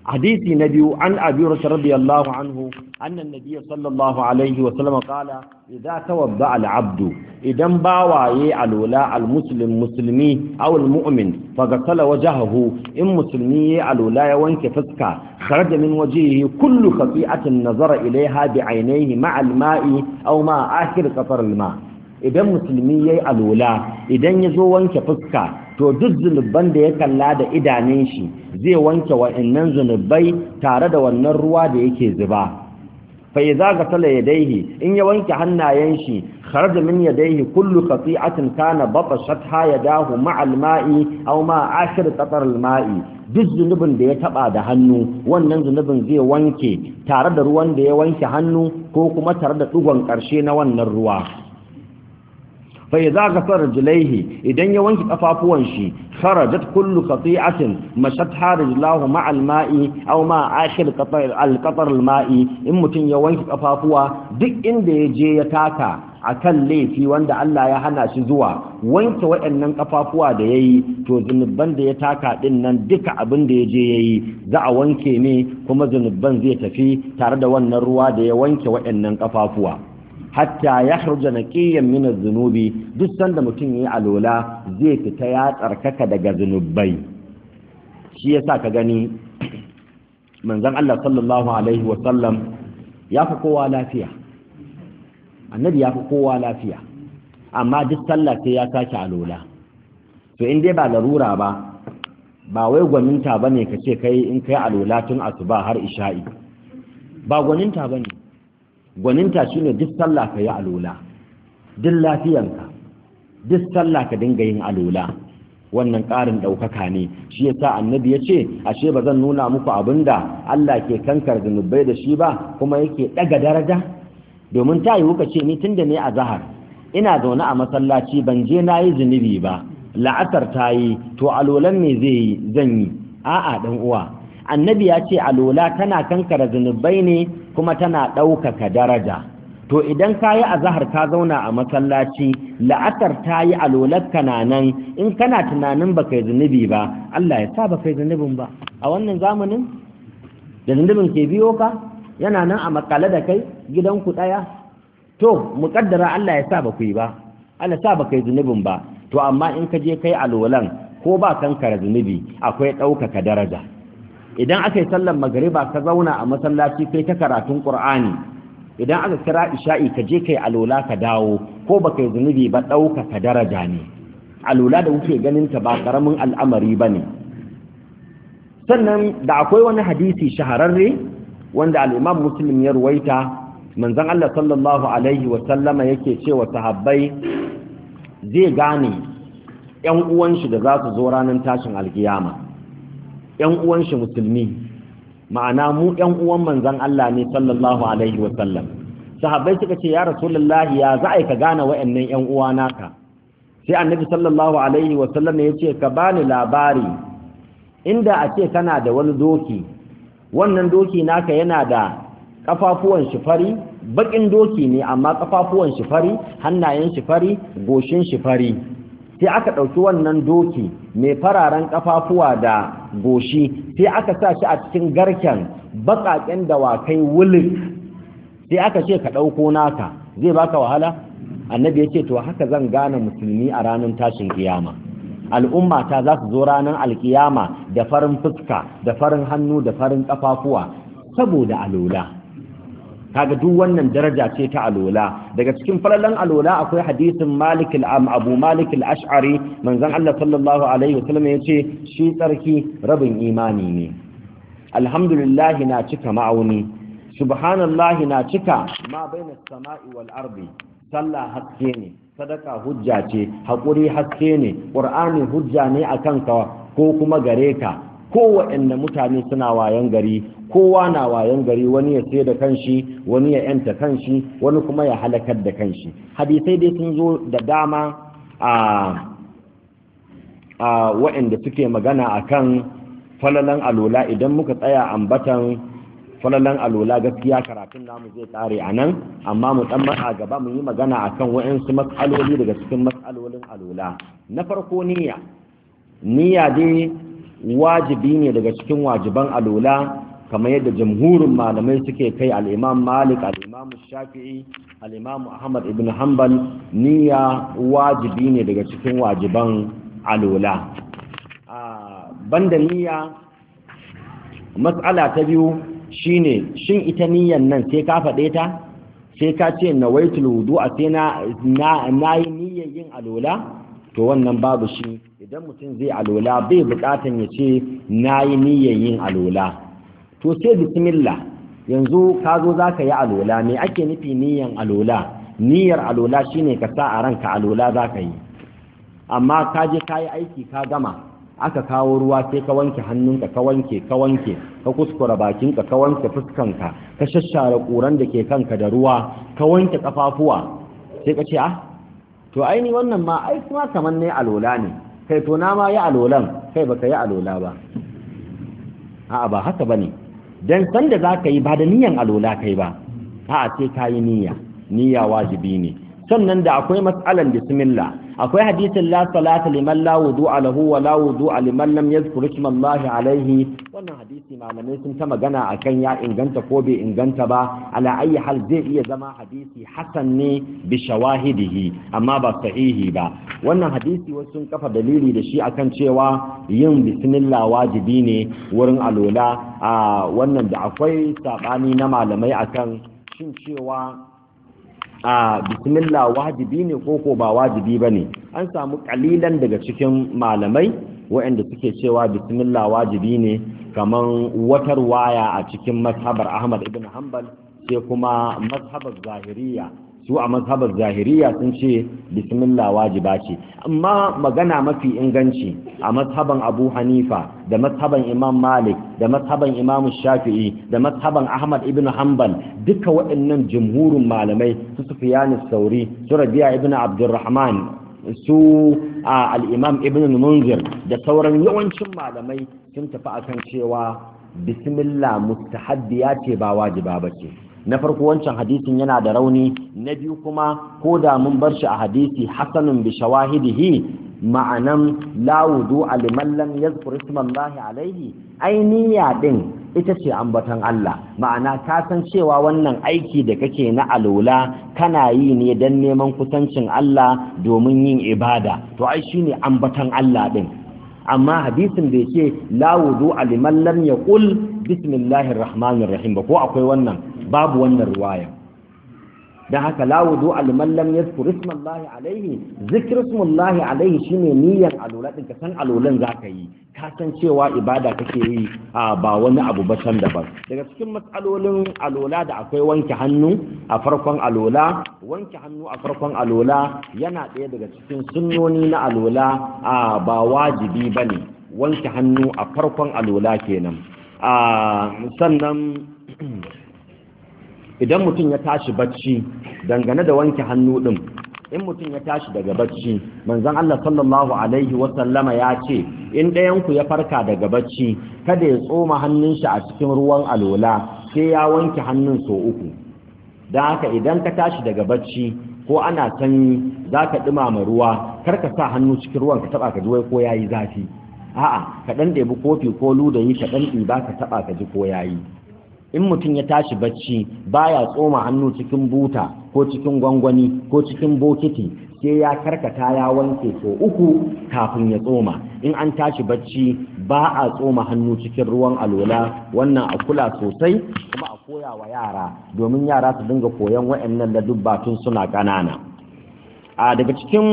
hadisi na biyu an abi rasu radiyallahu anhu annan nabiyyu sallallahu alaihi wa sallam qala idza tawadda al abdu idan bawaye alula al muslim muslimi aw al mu'min faghsala wajhahu in Musulmi ya alula ya wanke fuska kharaja min wajhihi kullu khati'atin nazara ilaiha bi ainihi ma al ma'i aw ma akhir qatar al ma idan muslimi yayi alula idan ya zo wanke fuska to duk zunuban da ya kalla da idanun shi zai wanke wa'annan zunubai tare da wannan ruwa da yake zuba fa idza ya daihi in ya wanke hannayen shi kharaja min yadayhi kullu qati'atin kana batashatha yadahu ma'al ma'i aw ma ashir qatar al ma'i duk zunubin da ya taba da hannu wannan zunubin zai wanke tare da ruwan da ya wanke hannu ko kuma tare da dugon ƙarshe na wannan ruwa fa idza fara rijlaihi idan ya wanke kafafuwan shi kharajat kullu qati'atin mashat harijlahu ma'a al-ma'i aw ma'a akhir qatar al-qatar mai in mutun ya wanke kafafuwa duk inda ya je ya taka akan laifi wanda Allah ya hana shi zuwa wanke waɗannan kafafuwa da yayi to zunuban da ya taka din nan duka abin da ya je yayi za a wanke ne kuma zunuban zai tafi tare da wannan ruwa da ya wanke waɗannan kafafuwa hatta ya harja na ƙiyan mina zunubi duk sanda mutum ya yi alola zai fita ya tsarkaka daga zunubai shi ya sa ka gani (clears throat) manzan Allah sallallahu Alaihi wasallam ya fi kowa lafiya annabi ya fi kowa lafiya amma duk sallah sai ya sake alola to in dai ba larura ba ba wai gwaninta ba ne ka ce kai in kai alola tun asuba har isha'i ba gwaninta ba gwaninta shi ne duk sallah ka yi alola duk lafiyanka duk sallah ka dinga yin alola wannan ƙarin ɗaukaka ne shi ya sa annabi ya ce ashe ba zan nuna muku abin da Allah ke kankar zunubai da shi ba kuma yake ɗaga daraja domin ta yiwu ka ce ni tun da ne a zahar ina zaune a masallaci ban je na yi zunubi ba la'asar ta yi to alolan ne zai yi zan yi a'a dan uwa annabi ya ce alola tana kankara zunubai ne kuma tana ɗaukaka daraja to idan ka yi azahar ka zauna a masallaci la'atar ta yi alolar kananan in kana tunanin ba kai zunubi ba Allah ya sa ba kai zunubin ba a wannan zamanin da zunubin ke biyo ka yana nan a makale da kai gidanku ɗaya to muƙaddara Allah ya sa ba ba Allah sa ba kai zunubin ba to amma in ka je kai alolan ko ba kankara zunubi akwai ɗaukaka daraja idan aka yi sallar magariba ka zauna a masallaci kai ta karatun qur'ani idan aka kira isha'i ka je kai alola ka dawo ko baka yi zunubi ba ka daraja ne alola da kuke ganin ta ba karamin al'amari ba ne sannan da akwai wani hadisi shahararre wanda al-Imam muslim ya ruwaita manzon Allah sallallahu alaihi wa sallama yake cewa sahabbai zai gane ‘yan uwanshi da za su zo ranar tashin alkiyama yan uwan shi musulmi ma'ana mu yan uwan manzon Allah ne sallallahu alaihi wa sallam sahabbai suka ce ya rasulullahi ya za ka gane wa'annan yan uwa naka sai annabi sallallahu alaihi wa ya ce ka bani labari inda a ce kana da wani doki wannan doki naka yana da kafafuwan shi fari bakin doki ne amma kafafuwan shi fari hannayen shi fari goshin shi fari sai aka ɗauki wannan doki mai fararen ƙafafuwa da goshi sai aka sa shi a cikin garken baƙaƙen dawakai wulik sai aka ce ka ɗauko naka zai baka wahala annabi ya ce to haka zan gane musulmi a ranar tashin kiyama al'umma ta za su zo ranar alkiyama da farin fuska da farin hannu da farin ƙafafuwa saboda alola kaga duk wannan daraja ce ta alola daga cikin falalan alola akwai hadisin Malik Abu Malik al-Ash'ari Allah sallallahu alaihi wasallam yace shi tsarki rabin imani ne alhamdulillah na cika ma'auni subhanallah na cika ma baina sama'i wal ardi sallah haske ne sadaka hujja ce hakuri haske ne qur'ani hujja ne akan ka ko kuma gare ka kowaɗanne mutane suna wayan gari kowa na wayan gari wani ya sai da kanshi wani ya yanta kanshi wani kuma ya halakar da kanshi hadisai dai sun zo da dama a a waɗanda suke magana akan falalan alola idan muka tsaya ambatan falalan alola gaskiya karatun namu zai tsare a nan amma mu dan gaba mu yi magana akan waɗansu matsaloli daga cikin matsalolin alola na farko niyya niyya dai wajibi ne daga cikin wajiban alola kamar yadda jamhurin malamai suke kai al'imam malik al'imam shafi'i al'imam ahmad ibn hanbal niyya wajibi ne daga cikin wajiban alola banda niyya matsala ta biyu shine shin ita niyyan nan sai ka faɗe ta sai ka ce na waitul hudu a sai na yi niyyar yin alola to wannan babu shi idan mutum zai alola bai bukatan ya ce na yi niyyar yin alola to ce bismillah yanzu ka zo za ka yi alola me ake nufi niyan alola niyyar alola shine ka sa a ranka alola za ka yi amma ka je ka yi aiki ka gama aka kawo ruwa sai ka wanke hannunka ka wanke ka wanke ka kuskura bakinka ka wanke fuskanka ka shashara ƙuran da ke kanka da ruwa ka wanke kafafuwa sai ka ce ah to aini wannan ma ai kuma kamar ne alola ne kai to na ma yi alolan kai baka yi alola ba a'a ba haka bane dan sanda za ka yi ba da niyan alola kai ba a'a a ce ka yi niyya niyya wajibi ne sannan da akwai matsalan bismillah akwai hadisin la salata liman la wudu'a lahu wa la wudu'a liman lam yadhkur alaihi wannan hadisi malamai sun ta magana akan ya inganta ko bai inganta ba ala ayi hal zai iya zama hadisi hasan ne bi shawahidihi amma ba sahihi ba wannan hadisi wasu sun kafa dalili da shi akan cewa yin bismillah wajibi ne wurin alola a wannan da akwai sabani na malamai akan shin cewa a bismillah wajibi ne ko ko ba wajibi ba ne an samu kalilan daga cikin malamai waɗanda suke cewa bismillah wajibi ne kaman watar waya a cikin mazhabar ahmad ibn hanbal sai kuma mazhabar zahiriya su a mazhabar zahiriya sun ce bismillah wajiba ce amma magana mafi inganci a mazhaban abu hanifa da mazhaban imam malik da mazhaban imam shafi'i da mazhaban ahmad ibn hanbal duka waɗannan jumhurin malamai su sufiyanu sauri su rabi'a ibn abdurrahman su al-imam ibn munzir da sauran yawancin malamai sun tafi akan cewa bismillah mustahabbiya ce ba wajiba ba ce na farko wancan hadisin yana da rauni na biyu kuma ko da mun bar shi a hadisi hasanun bi shawahidihi ma'anan la wudu liman lam yazkur ismallahi alaihi ainiya niyya din ita ce ambaton Allah ma'ana ka san cewa wannan aiki da kake na alula kana yi ne dan neman kusancin Allah domin yin ibada to ai shine ambaton Allah din amma hadisin da yake la wudu aliman lam ƙul bismillahir rahmanir rahim ba ko akwai wannan babu wannan riwaya Da haka la wudu aliman lam yadhkur ismallahi alaihi zikr ismallahi shine niyyar alula din ka san alulan zaka yi ka san cewa ibada kake yi a ba wani abu ba can daban daga cikin matsalolin alola da akwai wanke hannu a farkon alola wanke hannu a farkon alola yana ɗaya daga cikin sunnoni na alola a ba wajibi bane wanke hannu a farkon alola kenan sannan idan mutum ya tashi bacci dangane da wanke hannu ɗin, in mutum ya tashi daga bacci manzon Allah sallallahu alaihi wasallama ya ce in ɗayanku ya farka daga bacci kada ya tsoma hannun shi a cikin ruwan alola sai ya wanke hannun so uku Dan haka idan ka tashi daga bacci ko ana sanyi za ka ɗumama ruwa kar ka sa hannu cikin ruwan ka taɓa ka ji wai ko ya yi zafi a'a ka ɗan ɗebi kofi ko ludayi ka ɗan ɗiba ka taɓa ka ji ko ya yi in mutum ya tashi bacci baya tsoma hannu cikin buta ko cikin gwangwani ko cikin bokiti sai ya karkata ya wanke so uku kafin ya tsoma in an tashi bacci ba a tsoma hannu cikin ruwan alola wannan a kula sosai kuma a koya wa yara domin yara su dinga koyon waɗannan da tun suna ƙanana a daga cikin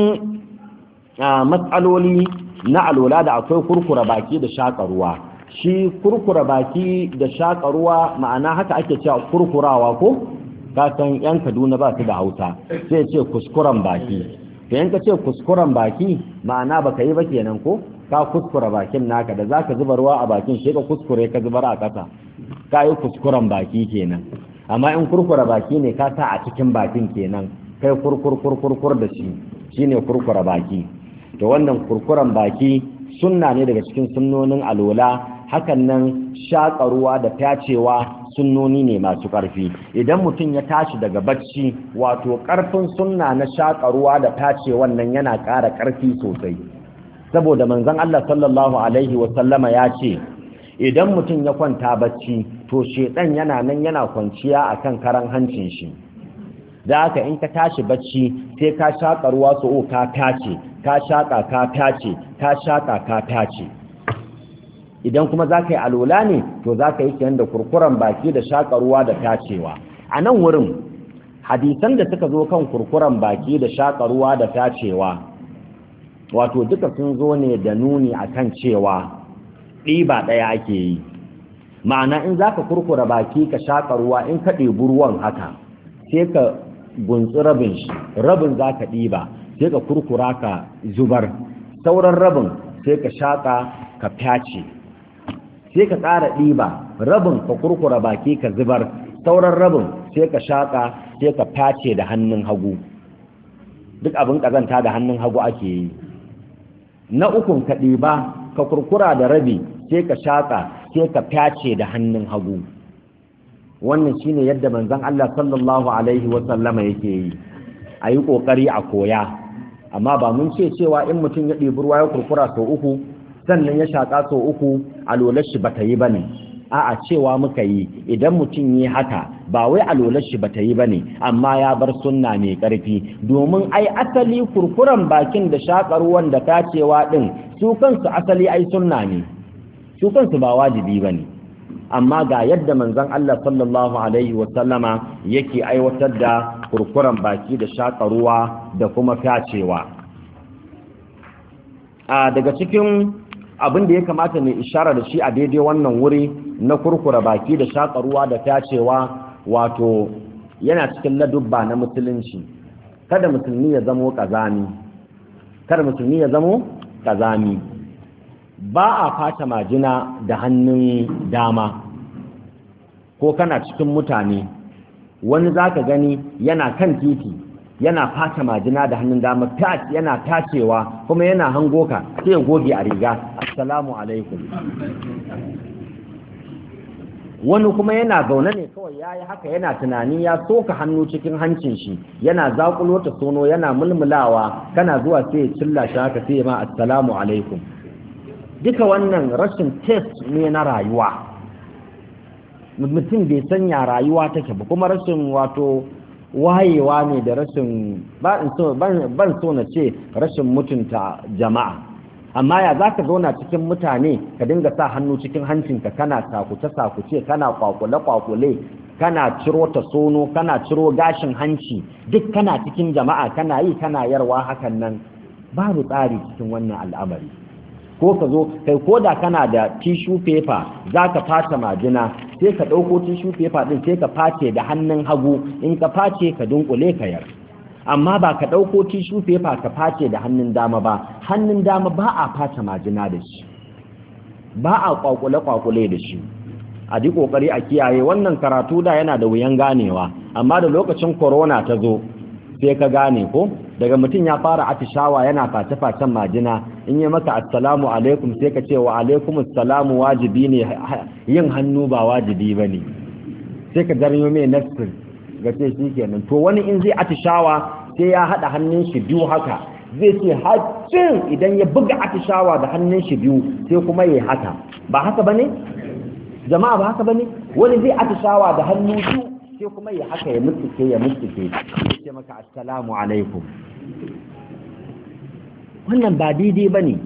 matsaloli na alola da akwai kurkura baki da shaƙa ruwa shi kurkura baki da shaƙa ruwa ma'ana haka ake cewa kurkurawa ko ka san yan kaduna ba su da hausa sai ce kuskuren baki to yanka ce kuskuren baki ma'ana ba ka yi ba kenan ko ka kuskura bakin naka da za ka zuba ruwa a bakin shi ka kuskure ka zubar a ƙasa ka yi kuskuren baki kenan amma in kurkura baki ne ka sa a cikin bakin kenan kai kurkur kurkur da shi shine kurkura baki to wannan kurkuren baki sunna ne daga cikin sunnonin alola hakan nan shaƙa ruwa da fyacewa sunnoni ne masu ƙarfi idan mutum ya tashi daga bacci wato ƙarfin sunna na shaƙa ruwa da fyace wannan yana ƙara ƙarfi sosai saboda manzon Allah sallallahu alaihi wa sallama ya ce idan mutum ya kwanta bacci to shedan yana nan yana kwanciya akan karan hancin shi da haka in ka tashi bacci sai ka shaƙa ruwa so ka tace ka shaka ka tace ka shaƙa ka tace idan kuma za ka yi alola ne to za ka yi kenan da kurkuren baki da shaƙa ruwa da tacewa a nan wurin hadisan da suka zo kan kurkuren baki da shaƙa ruwa da tacewa wato duka sun zo ne da nuni akan cewa ɗiba ɗaya ake yi ma'ana in za ka kurkura baki ka shaƙa ruwa in ka ɗibu ruwan haka sai ka gunsu rabin shi rabin za ka ɗiba sai ka kurkura ka zubar sauran rabin sai ka shaƙa ka fyace sai ka ƙara ɗiba rabin ka kurkura baki ka zubar sauran rabin sai ka shaƙa sai ka face da hannun hagu duk abin ƙazanta da hannun hagu ake yi na ukun ka ɗiba ka kurkura da rabi sai ka shaƙa sai ka face da hannun hagu wannan shine yadda manzon Allah sallallahu alaihi wa yake yi a yi ƙoƙari a koya amma ba mun ce cewa in mutum ya ɗibi ruwa ya kurkura sau uku sannan ya shaƙa sau uku alolar shi bata yi bane a'a cewa muka yi idan mutum yi haka ba wai alolar shi bata yi bane amma ya bar sunna mai ƙarfi domin ai asali kurkuren bakin da shaƙar ruwan da cewa ɗin, su kansu asali ai sunna ne su kansu ba wajibi bane amma ga yadda manzon Allah sallallahu alaihi wa sallama yake aiwatar da kurkuren baki da shaƙa ruwa da kuma tacewa a daga cikin abin da ya kamata mai ishara da shi a daidai wannan wuri na kurkura baki da shaƙa ruwa da tacewa wato yana cikin ladubba na musulunci kada musulmi ya zamo ƙazami kada musulmi ya zamo ƙazami ba a fata majina da hannun dama ko kana cikin mutane wani za ka gani yana kan titi yana fata majina da hannun dama yana tacewa kuma yana hango ka sai goge a riga assalamu alaikum wani kuma yana zaune ne kawai ya yi haka yana tunani ya soka hannu cikin hancin shi yana zaƙulo ta sono yana mulmulawa kana zuwa sai ya cilla shi haka sai ma assalamu alaikum duka wannan rashin test ne na rayuwa mutum bai sanya rayuwa take ba kuma rashin wato wayewa ne da rashin ban so na ce rashin mutunta jama'a amma ya za ka zauna cikin mutane ka dinga sa hannu cikin hancinka kana sakuce-sakuce kana kwakule-kwakule kana ciro ta sono kana ciro gashin hanci duk kana cikin jama'a kana yi kana yarwa hakan nan babu tsari cikin wannan al'amari ko ka zo kai ko da kana da tissue paper za ka fata majina sai ka ɗauko tissue paper ɗin sai ka face da hannun hagu in ka face ka dunkule ka yar amma ba ka ɗauko tissue paper ka face da hannun dama ba hannun dama ba a fata majina da shi ba a kwakule-kwakule da shi a ji kokari a kiyaye wannan karatu da yana da wuyan ganewa amma da lokacin corona ta zo sai ka gane ko daga mutum ya fara atishawa yana face-facen majina in yi maka assalamu alaikum sai ka ce wa alaikum assalamu wajibi ne yin hannu ba wajibi bane. ne sai ka garyo mai nasir ga ce shi kenan to wani in zai atishawa sai ya haɗa hannun shi biyu haka zai ce hajjin idan ya buga atishawa da hannun shi biyu sai kuma ya haka ba haka ba jama'a ba haka ba wani zai atishawa da hannu biyu sai kuma ya haka ya mutuke ya mutuke ya ce maka assalamu alaikum wannan ba daidai ba ne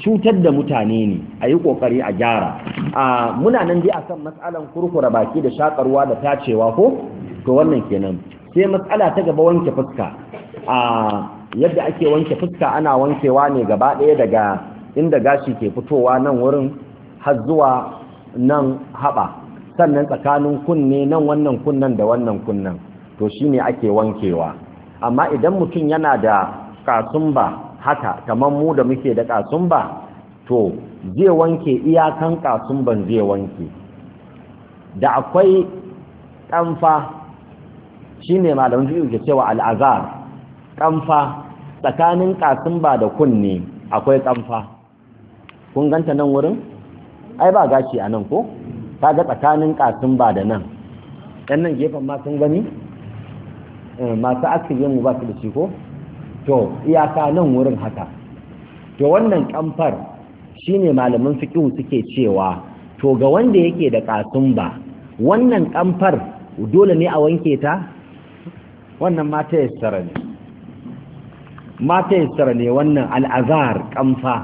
cutar da mutane ne a yi ƙoƙari a gyara a muna nan dai a kan matsalan kurkura baki da shakarwa da tacewa ko to wannan kenan sai matsala ta gaba wanke fuska a yadda ake wanke fuska ana wankewa ne gaba ɗaya daga inda gashi ke fitowa nan wurin har zuwa nan haɓa sannan tsakanin kunne nan wannan kunnen da wannan kunnen to shi ne ake wankewa amma idan mutum yana da ƙasumba haka kamar mu da muke da ƙasumba, to zai wanke iyakan ƙasumban zai wanke da akwai ƙamfa shine malamin jiyo ke cewa al'azar ƙamfa tsakanin ƙasumba da kunne akwai ƙamfa kun ganta nan wurin ai ba gashi a nan ko Ta ga tsakanin kasin ba da nan ɗan nan gefen ma sun gani eh, masu asirin mu ba su da shi ko to iyaka nan wurin haka to wannan kamfar shine malaman fiqhu suke cewa to ga wanda yake da kasin ba wannan kamfar dole ne a wanke ta wannan mata ya tsara ne mata ya tsara ne wannan al'azar kamfa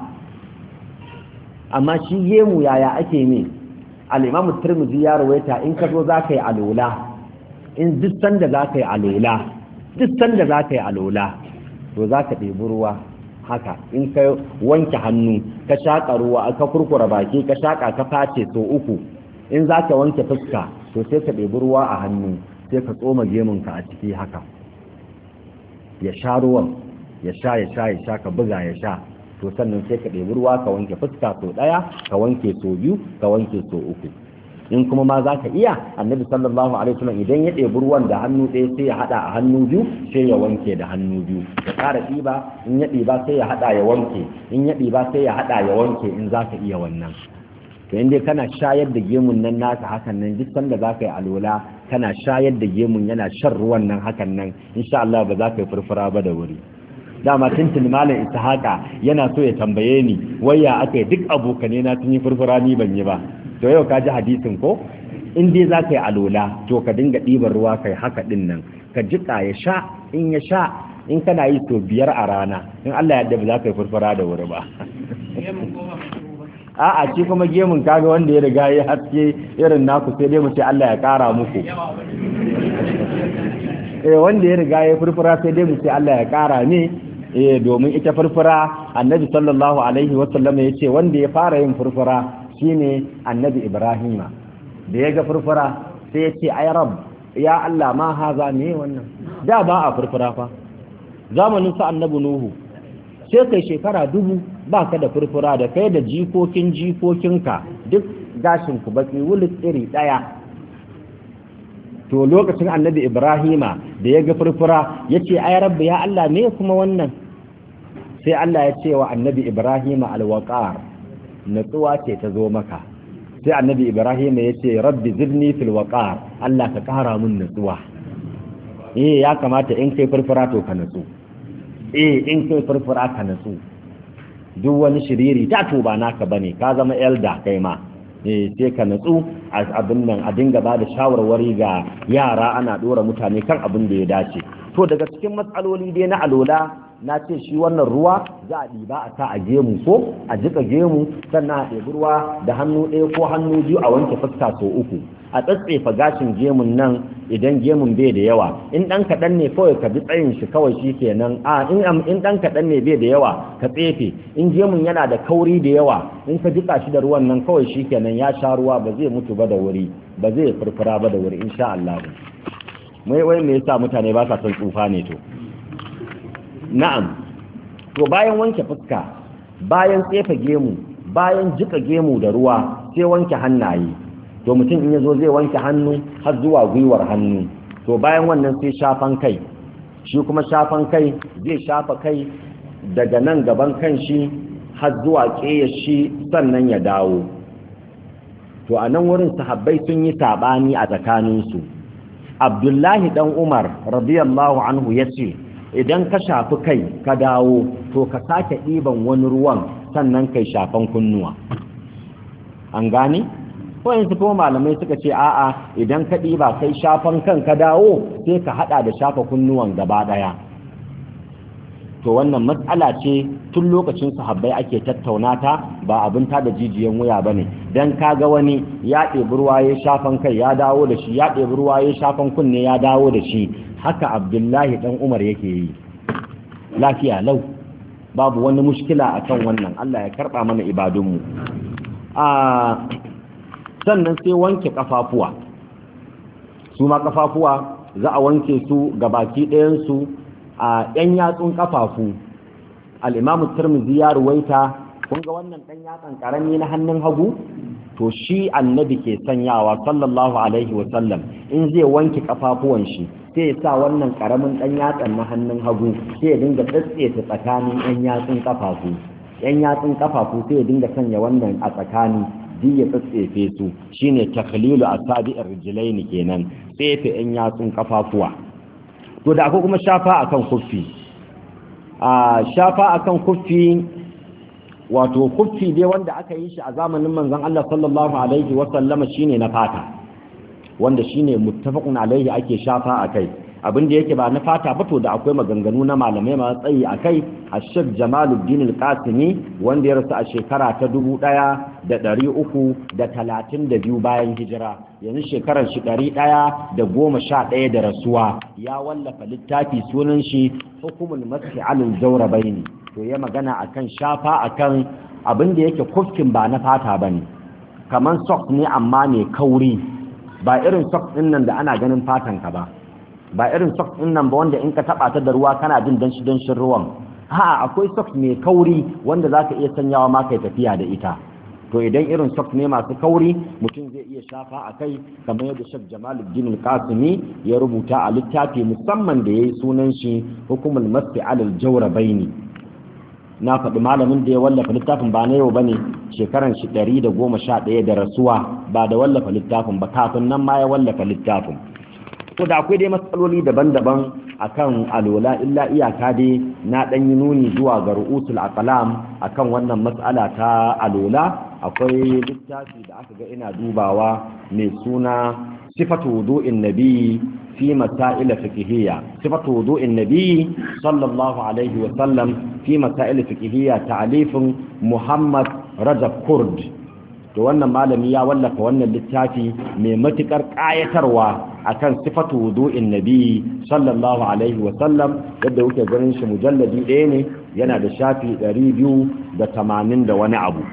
amma shi gemu yaya ake ne al’imamu turmiji ya rawaita in ka zo ka yi alola in da za ka yi alula da za ka yi alola to ka ɗebi ruwa haka in ka wanke hannu ka shaƙa ruwa ka kurkura baki ka shaƙa ka face so uku in ka wanke fuska to sai ka ɗebi ruwa a hannu sai ka tsoma ka a ciki haka ya sha ruwan ya sha ya sha ya sha ka buga ya sha to sannan sai ka ɗebi ruwa ka wanke fuska sau ɗaya ka wanke sau biyu ka wanke sau uku in kuma ma za ka iya annabi sallallahu alaihi wasallam idan ya ɗebi ruwan da hannu ɗaya sai ya haɗa a hannu biyu sai ya wanke da hannu biyu ya ƙara ɗiba in ya ɗiba sai ya haɗa ya wanke in ya ɗiba sai ya haɗa ya wanke in za ka iya wannan to in dai kana shayar da gemun nan naka hakan nan duk sanda za ka yi alola kana shayar da gemun yana shan ruwan nan hakan nan insha Allah ba za ka yi furfura ba da wuri dama tuntun malam ishaqa yana so ya tambaye ni waya aka duk abokane na tun yi furfura ni ban yi ba to yau ka ji hadisin ko in dai za ka yi alola to ka dinga ɗiban ruwa kai haka din nan ka jiƙa ya sha in ya sha in kana yi to biyar a rana in Allah ya yarda ba za ka yi furfura da wuri ba (laughs) a'a ce kuma gemun kaga wanda ya riga ya haske irin naku sai dai mu ce Allah ya kara muku (laughs) eh wanda ya riga ya furfura sai dai mu ce Allah ya kara ne eh domin ita furfura annabi sallallahu alaihi wasallam ya ce wanda ya fara yin furfura shine annabi ibrahima da ya ga furfura sai ya ce ay rab ya Allah ma haza ne wannan da ba a furfura fa zamanin sa annabi nuhu sai kai shekara dubu ba ka da furfura da kai da jikokin jikokinka duk gashin ku baki wulis iri daya to lokacin annabi ibrahima da ya ga furfura ya ce ai rabbi ya Allah me kuma wannan sai Allah ya ce wa annabi Ibrahim alwaƙar natsuwa ce ta zo maka sai annabi Ibrahim ya ce rabbi zidni fil waqar Allah ka kara mun natsuwa eh ya kamata in kai furfura to ka natsu eh in kai furfura ka natsu duk wani shiriri ta to ba naka bane ka zama elda kai ma eh sai ka natsu abin nan a dinga ba da shawarwari ga yara ana dora mutane kan abin da ya dace to daga cikin matsaloli dai na alola na ce shi wannan ruwa za a ɗiba a sa a gemu ko a jika gemu sannan a ɗebi ruwa da hannu ɗaya ko hannu biyu a wanke fuska sau uku a tsatsefa gashin gemun nan idan gemun bai da yawa in ɗan kaɗan ne kawai ka bi tsayin shi kawai shi kenan a in ɗan kaɗan ne bai da yawa ka tsefe in gemun yana da kauri da yawa in ka jika shi da ruwan nan kawai shi kenan ya sha ruwa ba zai mutu ba da wuri ba zai furfura ba da wuri insha Allah mai wai me yasa mutane ba sa son tsufa ne to na'am to bayan wanke fuska bayan tsefa gemu bayan jika gemu da ruwa sai wanke hannaye to mutum in yazo zai wanke hannu har zuwa gwiwar hannu to bayan wannan sai shafan kai shi kuma shafan kai zai shafa kai daga nan gaban kan shi har zuwa ƙeyar shi sannan ya dawo to a nan wurin sahabbai sun yi saɓani a tsakaninsu abdullahi Dan umar radiyallahu anhu ya ce idan ka shafi kai ka dawo to ka sake ɗiban wani ruwan sannan kai shafan kunnuwa an gane wayansu kuma malamai suka ce a'a idan ka ɗiba kai shafan kan ka dawo sai ka haɗa da shafa kunnuwan gaba ɗaya to wannan matsala ce tun lokacin Habbai ake tattauna ta ba abin ta da jijiyan wuya bane dan kaga wani ya ɗebi ruwa ya shafan kai ya dawo da shi ya ɗebi ruwa shafan kunne ya dawo da shi haka abdullahi dan umar yake yi lafiya lau babu wani mushkila kan wannan Allah ya karɓa mana ibadunmu a sannan sai wanke kafafuwa su ma kafafuwa za a wanke su ga baki ɗayansu a ɗan yatsun kafafu al'imamu turmizi ya ruwaita kun ga wannan ɗan yatsan ƙarami na hannun hagu to shi annabi ke sanyawa sallallahu alaihi wasallam in zai wanke kafafuwan shi sai ya sa wannan karamin ɗan yatsan na hannun hagu sai ya dinga su tsakanin ɗan yatsun kafafu ɗan yatsun kafafu sai ya dinga sanya wannan a tsakani duk ya tsatsefe su shine takhlilu asabi'ir rijlaini kenan tsefe ɗan yatsun kafafuwa to da akwai kuma shafa akan kuffi a shafa akan kuffi wato kuffi dai wanda aka yi shi a zamanin manzon Allah sallallahu alaihi wa sallama shine na fata wanda shine muttafaqun alaihi ake shafa akai abin da yake ba na fata ba to da akwai maganganu na malamai masu tsayi akai Ashek Jamaluddin Al-Qasimi wanda ya rasu a shekara ta 1332 bayan hijira yanzu shekarar shi 111 da rasuwa ya wallafa littafi sunan shi Hukumul Masih Alul Jawrabaini to ya magana akan shafa akan abin da yake kufkin ba na fata bane kaman sok ne amma mai kauri ba irin socks din nan da ana ganin fatan ka ba ba irin socks din nan ba wanda in ka taba ta da ruwa kana jin danshi danshin ruwan ha akwai socks mai kauri wanda zaka iya sanyawa ma kai tafiya da ita to idan irin soft ne masu kauri mutum zai iya shafa a kai kamar yadda shek jamal al Kasimi ya rubuta a littafi musamman da yayi sunan shi hukumul masti alal jawrabaini na faɗi malamin da ya wallafa littafin ba na yau bane shekaran shi ɗari da goma sha ɗaya da rasuwa ba da wallafa littafin ba kafin nan ma ya wallafa littafin Ko da akwai dai matsaloli daban-daban akan alola illa iyaka dai na ɗan yi nuni zuwa ga ru'usul aqlam akan wannan matsala ta alola akwai littafi da aka ga ina dubawa mai suna sifatu wudu'in nabi في مسائل فقهية صفة وضوء النبي صلى الله عليه وسلم في مسائل فقهية تعليف محمد رجب كرد wannan malami ya wallafa wannan littafi mai matukar kayatarwa akan sifatu wudu'in nabi sallallahu alaihi wa sallam yadda kuke ganin shi mujalladi ɗaya ne yana da shafi ɗari biyu da tamanin da wani abu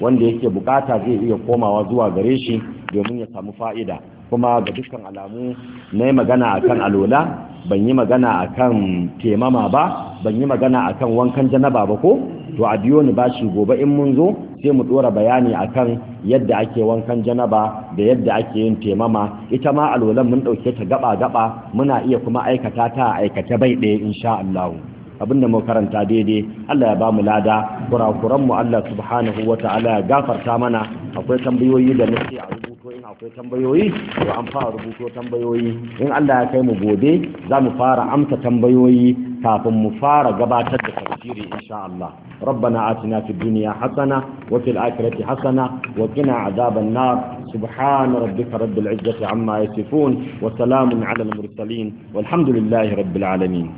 wanda yake buƙata zai iya komawa zuwa gare shi domin ya samu fa'ida kuma ga dukkan alamu na yi magana a kan alola ban yi magana a kan temama ba ban yi magana a kan wankan janaba ba ko to a biyo ni ba shi gobe in mun zo sai mu dora bayani a kan yadda ake wankan janaba da yadda ake yin temama ita ma alolan mun ɗauke ta gaba-gaba muna iya kuma aikata ta aikata bai ɗaya insha Allah. da mu karanta daidai Allah ya ba mu lada kurakuran mu Allah subhanahu wa ta'ala ya gafarta mana akwai tambayoyi da nake a in akwai tambayoyi to an fara rubuto tambayoyi in Allah ya kai mu gobe za mu fara amsa tambayoyi kafin mu fara gabatar da tafsiri insha Allah ربنا آتنا في الدنيا حسنة وفي الآخرة حسنة وقنا عذاب النار سبحان ربك رب العزة عما يصفون وسلام على المرسلين والحمد لله رب العالمين